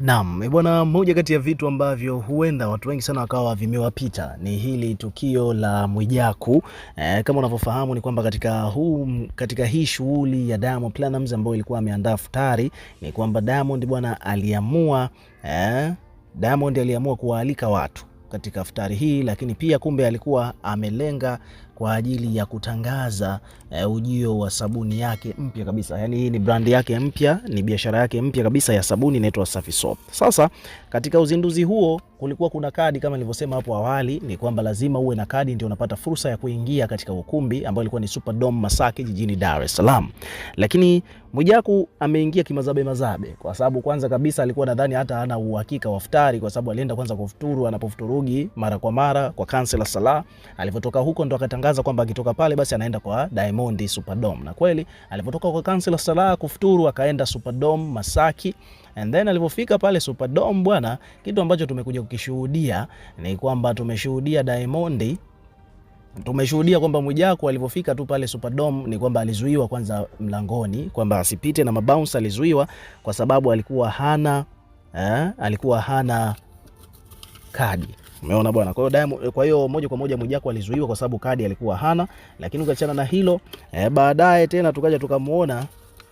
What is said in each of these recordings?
Naam, eh, bwana, moja kati ya vitu ambavyo huenda watu wengi sana wakawa vimewapita ni hili tukio la Mwijaku. E, kama unavyofahamu ni kwamba katika huu katika hii shughuli ya Diamond Platnumz ambayo ilikuwa ameandaa futari ni kwamba Diamond bwana aliamua e, Diamond aliamua kuwaalika watu katika iftari hii, lakini pia kumbe alikuwa amelenga kwa ajili ya kutangaza uh, ujio wa sabuni yake mpya kabisa. Yani hii ni brand yake mpya, ni biashara yake mpya kabisa ya sabuni inaitwa Safi Soap. Sasa katika uzinduzi huo kulikuwa kuna kadi kama nilivyosema hapo awali, ni kwamba lazima uwe na kadi ndio unapata fursa ya kuingia katika ukumbi ambao ilikuwa ni Superdome Masaki jijini Dar es Salaam. Lakini Mwijaku ameingia kimazabe mazabe, kwa sababu kwanza kabisa alikuwa nadhani hata hana uhakika wa futari, kwa sababu alienda kwanza kufuturu anapofuturugi mara kwa mara kwa kansela Sala. Alipotoka huko ndo akatangaza kwamba akitoka pale basi anaenda kwa Diamond Superdome, na kweli alipotoka kwa kansela Sala kufuturu akaenda Superdome Masaki, and then alipofika pale Superdome bwana, kitu ambacho tumekuja ukishuhudia ni kwamba tumeshuhudia Diamond tumeshuhudia kwamba Mwijaku alivyofika tu pale Superdome ni kwamba alizuiwa kwanza mlangoni, kwamba asipite na mabounce. Alizuiwa kwa sababu alikuwa hana eh, alikuwa hana kadi. Umeona bwana. Kwa hiyo kwa hiyo moja kwa moja Mwijaku alizuiwa kwa sababu kadi alikuwa hana, lakini ukiachana na hilo eh, baadaye tena tukaja tukamwona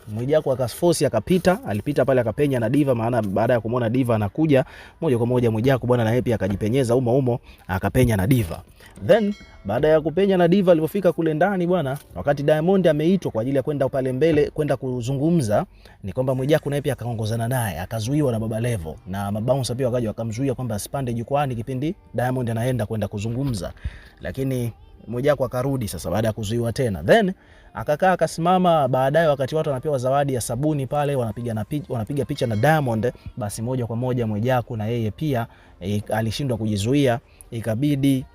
Mwijaku akasforce akapita, alipita pale akapenya na Diva, maana baada ya kumuona Diva anakuja moja kwa moja Mwijaku bwana na Hepi akajipenyeza umo umo akapenya na Diva. Then baada ya kupenya na Diva alipofika kule ndani bwana, wakati Diamond ameitwa kwa ajili ya kwenda pale mbele kwenda kuzungumza, ni kwamba Mwijaku na Hepi akaongozana naye, akazuiwa na Baba Levo na mabounsa pia wakaja wakamzuia kwamba asipande jukwani kipindi Diamond anaenda kwenda kuzungumza, lakini Mwijaku akarudi sasa baada ya kuzuiwa tena, then akakaa akasimama. Baadaye wakati watu wanapewa zawadi ya sabuni pale, wanapiga na wanapiga picha na Diamond, basi moja kwa moja Mwijaku na yeye pia e, alishindwa kujizuia, ikabidi e,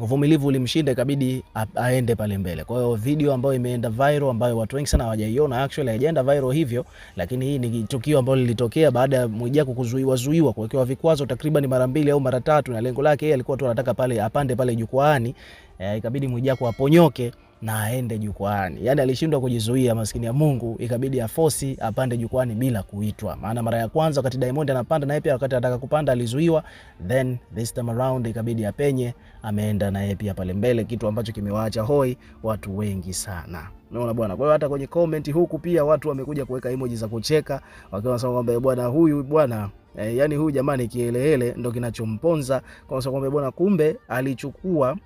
uvumilivu ulimshinda, ikabidi aende pale mbele. Kwa hiyo video ambayo imeenda viral, ambayo watu wengi sana hawajaiona, actually haijaenda viral hivyo, lakini hii ni tukio ambalo lilitokea baada ya Mwijaku kuzuiwa zuiwa, kuwekewa vikwazo takriban mara mbili au mara tatu, na lengo lake yeye alikuwa tu anataka pale apande pale jukwaani, eh, ikabidi Mwijaku aponyoke na aende jukwani. Yani alishindwa kujizuia, maskini ya Mungu, ikabidi afosi apande jukwani bila kuitwa. Maana mara ya kwanza wakati Diamond anapanda naye pia wakati anataka kupanda alizuiwa, then this time around ikabidi apenye, ameenda naye pia pale mbele, kitu ambacho kimewaacha hoi watu wengi sana. Unaona bwana. Kwa hiyo hata kwenye comment huku pia watu wamekuja kuweka emoji za kucheka wakiwa wanasema kwamba eh, bwana huyu bwana e, eh, yani huyu jamani kielehele ndo kinachomponza, kwa sababu kwamba eh, bwana kumbe alichukua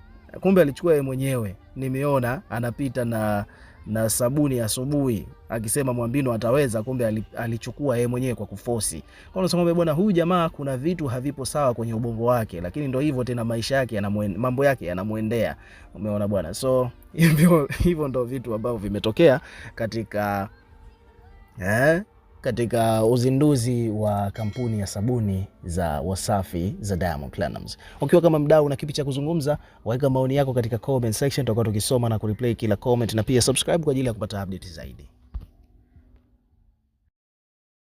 kumbe alichukua yeye mwenyewe nimeona anapita na na sabuni asubuhi akisema Mwambino ataweza, kumbe alichukua yeye mwenyewe kwa kufosi. Kwa unasema bwana, huyu jamaa kuna vitu havipo sawa kwenye ubongo wake, lakini ndio hivyo tena, maisha yake mambo yake yanamwendea. Umeona bwana, so hivyo hivyo ndio vitu ambavyo vimetokea katika eh katika uzinduzi wa kampuni ya sabuni za Wasafi za Diamond Platnumz. Ukiwa kama mdau na kipi cha kuzungumza, weka maoni yako katika comment section, tutakuwa tukisoma na kureplay kila comment, na pia subscribe kwa ajili ya kupata update zaidi.